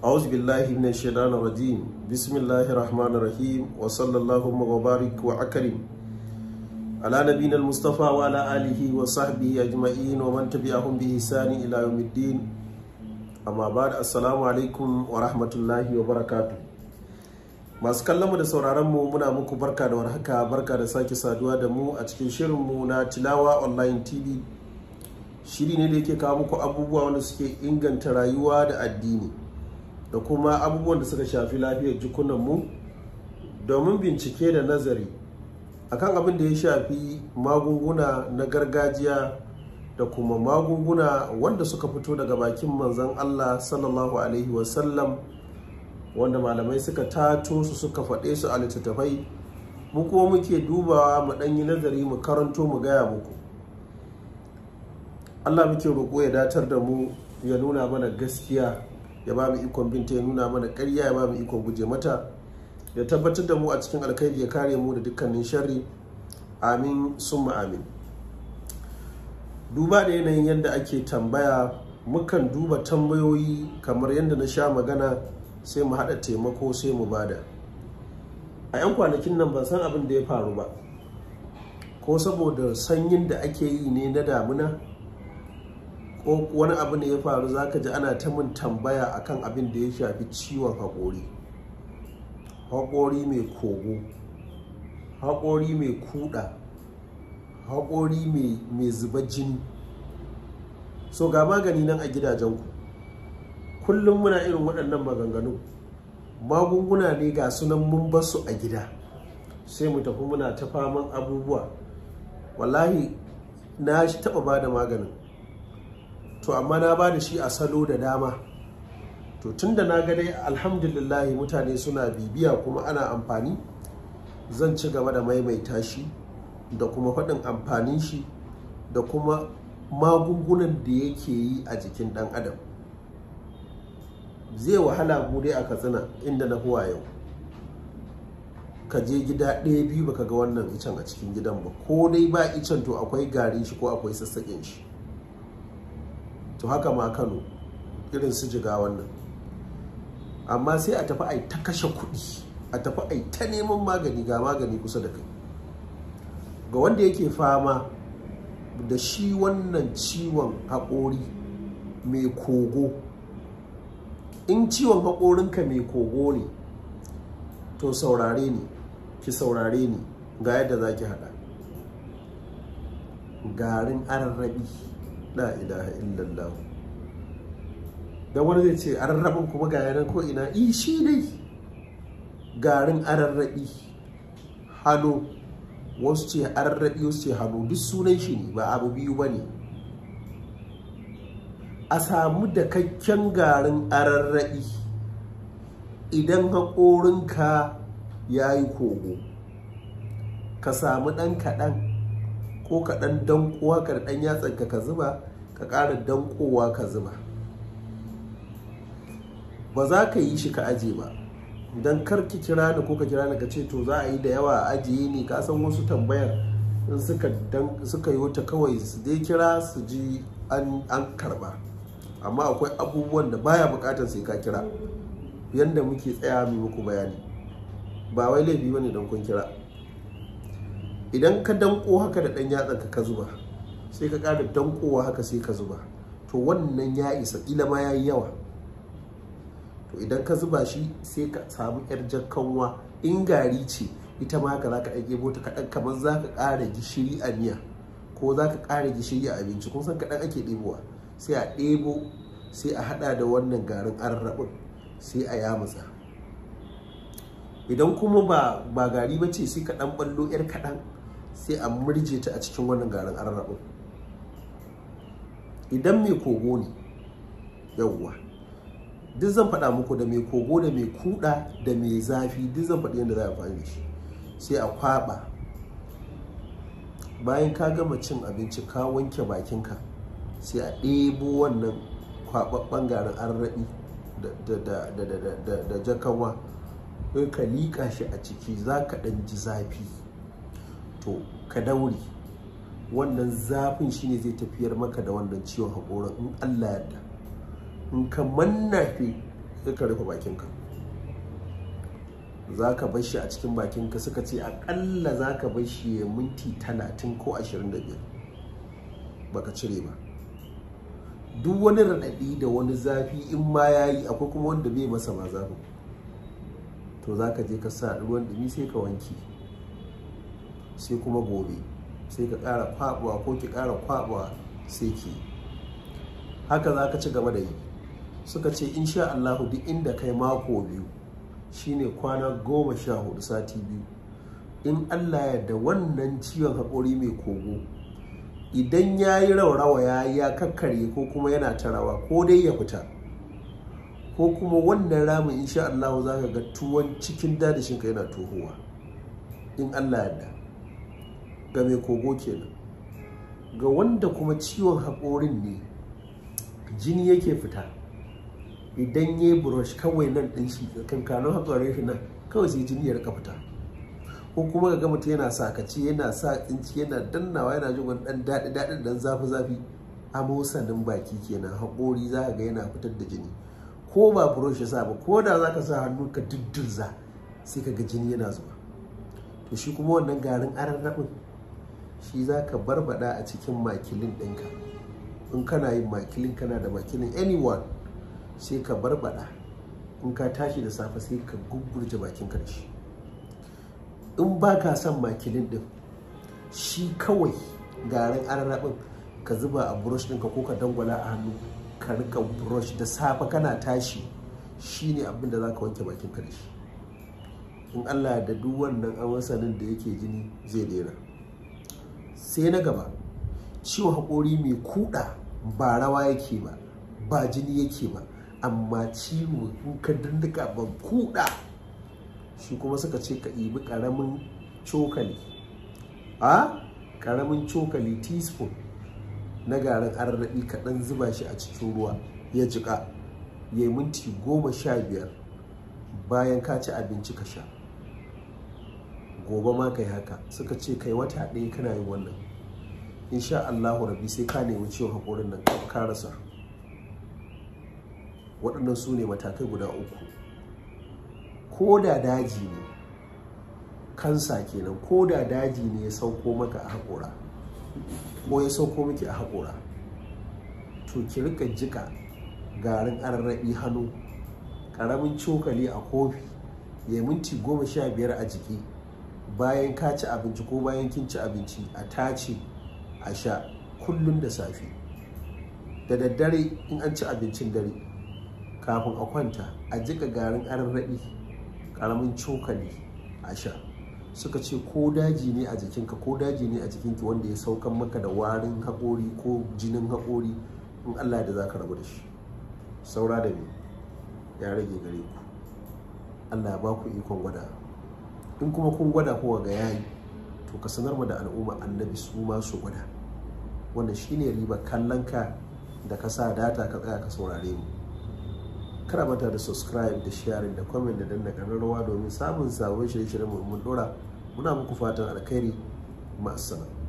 أعوذ بالله من الشيطان الرجيم بسم الله الرحمن الرحيم وصلى اللهم وبارك وأكرم على نبينا المصطفى وعلى آله وصحبه أجمعين ومن تبعهم بإحسان إلى يوم الدين أما بعد السلام عليكم ورحمة الله وبركاته masu kallonmu da sauraronmu muna muku barka da warhaka barka da sake saduwa da mu a cikin shirinmu na tilawa online tv shiri ne da yake kawo muku abubuwa wanda suke inganta rayuwa da addini da kuma abubuwan da suka shafi lafiyar jikunanmu domin bincike da nazari akan abin da ya shafi magunguna na gargajiya da kuma magunguna wanda suka fito daga bakin manzan Allah sallallahu alaihi wasallam wanda malamai suka tato su suka faɗe su a littattafai mu kuma muke dubawa mu ɗanyi yi nazari mu karanto mu gaya muku Allah muke roƙo ya datar da mu ya nuna mana gaskiya ya ba mu ikon binta ya nuna mana karya, ya ba mu ikon guje mata ya tabbatar da mu a cikin alkhairi ya kare mu da dukkanin sharri amin summa amin duba da yanayin yadda ake tambaya mukan duba tambayoyi kamar yadda na sha magana sai mu haɗa taimako sai mu bada a 'yan kwanakin nan ban san abin da ya faru ba ko saboda sanyin da ake yi ne na damuna ko wani abu ne ya faru zaka ji ana ta min tambaya kan abin da ya shafi ciwon haƙori haƙori mai kogo haƙori mai kuɗa haƙori mai zuba jini so ga magani nan a gidajenku kullum muna irin waɗannan maganganu magunguna ne ga sunan mun basu a gida sai mu tafi muna ta faman abubuwa wallahi na shi taɓa ba da maganin to amma na ba da shi a salo da dama to tun da na ga dai alhamdulillahi mutane suna bibiya kuma ana amfani zan ci gaba da maimaita shi da kuma faɗin amfanin shi da kuma magungunan da yake yi a jikin ɗan adam zai wahala mu dai a katsina inda na huwa yau ka je gida ɗaya biyu baka ga wannan icen a cikin gidan ba ko dai ba icen to akwai garin shi ko akwai sassaƙin shi to haka ma kano irin su jiga wannan amma sai a tafi a ta kashe kuɗi a tafi a ta neman magani ga magani kusa da kai ga wanda yake fama da shi wannan ciwon haƙori mai kogo in ciwon haƙorinka mai kogo ne to saurare ne ki saurare ne ga yadda za ki haɗa garin ararrabi la ilaha illallah da wani zai ce ararrabin kuma ga yanar ko ina shi dai garin ararrabi hano wasu ce ararrabi wasu ce hano duk sunan shi ne ba abu biyu ba ne a samu dakakken garin ararrabi idan haƙorinka ya yi kogo ka samu ɗan kaɗan ko ka dan dankowa ka dan yatsan ka zuba ka ƙara dankowa ka zuba ba za ka yi shi ka aje ba don kar ki kira ni ko ka kira ni ka ce to za a yi da yawa a ajiye ni ka san wasu tambayar in suka yi wata kawai su dai kira su ji an karba amma akwai abubuwan da baya bukatar sai ka kira yanda muke tsaya mai muku bayani ba wai laifi bane dan kun kira idan ka danko haka da ɗan yatsanka ka zuba sai ka ƙara dankowa haka sai ka zuba to wannan ya isa ƙila ma ya yawa to idan ka zuba shi sai ka samu yar jakkanwa in gari ce ita ma haka za ka ɗan ɗebo ta kaɗan kamar za ka ƙara gishiri a miya ko za ka ƙara gishiri a abinci kun san kaɗan ake ɗebowa sai a ɗebo sai a haɗa da wannan garin arraɓin sai a yamutsa idan kuma ba gari ba ce sai ka ɗan ɓallo 'yar kaɗan sai a murje ta a cikin wannan garin arraɓin idan mai kogo ne yawwa duk zan faɗa muku da mai kogo da mai kuɗa da mai zafi duk zan faɗi yadda za a fara shi sai a kwaɓa bayan ka gama cin abinci ka wanke bakinka sai a ɗebo wannan kwaɓaɓɓen garin arraɓi da jakawa ka liƙa shi a ciki za ka ɗan ji zafi to ka daure wannan zafin shine zai tafiyar maka da wannan ciwon haƙoran, in Allah yadda in ka mannafe sai ka rufe bakinka za ka bar shi a cikin bakinka suka ce aƙalla za ka bar shi ya minti talatin ko ashirin da biyar baka cire ba duk wani raɗaɗi da wani zafi in ma ya yi akwai kuma wanda bai masa ma zafin to za ka je ka sa ruwan ɗumi sai ka wanke sai kuma gobe sai ka ƙara kwaɓuwa ko ki ƙara kwabuwa sai ki haka za ka ci gaba da yi suka ce insha Allahu duk inda kai mako biyu shine kwana goma sha hudu sati biyu in Allah ya da wannan ciwon haƙori mai kogo idan ya yi raurawa ya ya kakkare ko kuma yana ta rawa ko dai ya fita ko kuma wannan ramin insha Allah za ka ga tuwon cikin dadashin ka yana tohowa in Allah ya da ga mai kogo kenan ga wanda kuma ciwon haƙorin ne jini yake fita idan ya burush kawai nan ɗin shi kankanin haƙorin shi nan kawai sai jini ya rika fita ko kuma ga gamata yana sakaci yana sa tsinci yana dannawa yana jin wani ɗan daɗi daɗi dan zafi zafi amosanin baki kenan haƙori za ka ga yana fitar da jini ko ba burush ya sa ba ko da za ka sa hannu ka duddurza sai ka ga jini yana zuwa to shi kuma wannan garin aran raɓin. shi za ka barbada a cikin makilin ɗinka in kana yin makilin kana da makilin anyone sai ka barbada in ka tashi da safe sai ka gugurje bakin karshe in ba ka son makilin ɗin shi kawai garin ararabin ka zuba a burush ɗinka ko ka dangwala a hannu ka rika burush da safe kana tashi shine abin da za ka wanke bakin karshe in allah da duk wannan awasanin da yake jini zai daina sai na gaba ciwo haƙori mai kuɗa ba rawa yake ba ba jini yake ba amma ciwo in ka ba kuɗa shi kuma suka ce ka ibi ƙaramin cokali a ƙaramin cokali teaspoon na garin arraɗi kaɗan zuba shi a cikin ruwa ya jiƙa ya yi minti goma sha biyar bayan ka ci abinci ka sha gobe ma kai haka suka ce kai wata ɗaya kana yin wannan insha Allahu rabbi sai ka nemi ciwo haƙorin nan ka rasa waɗannan su ne matakai guda uku ko da daji ne kansa kenan ko da daji ne ya sauko maka a haƙora ko ya sauko miki a haƙora to ki rika jika garin ararraɓi hannu ƙaramin cokali a kofi ya minti goma sha biyar a jiki bayan ka ci abinci ko bayan kin ci abinci a tace a sha kullum da safe da daddare in an ci abincin dare kafin a kwanta a jika garin ararraɗi ƙaramin cokali a sha suka ce ko daji ne a jikinka ko daji ne a jikinki wanda ya saukan maka da warin haƙori ko jinin haƙori in allah da za ka rabu da shi saura da ni ya rage gare ku allah ba ku ikon gwada in kuma kun gwada kowa ga yayi to ka sanar mu da al'umma annabi su ma su gwada wannan shine riba kallon ka da ka sa data ka tsaya ka saurare mu kada mata da subscribe da sharing da comment da danna kararrawa domin samun sabon shirye-shiryen mu mun dora muna muku fatan alkhairi ma'assalam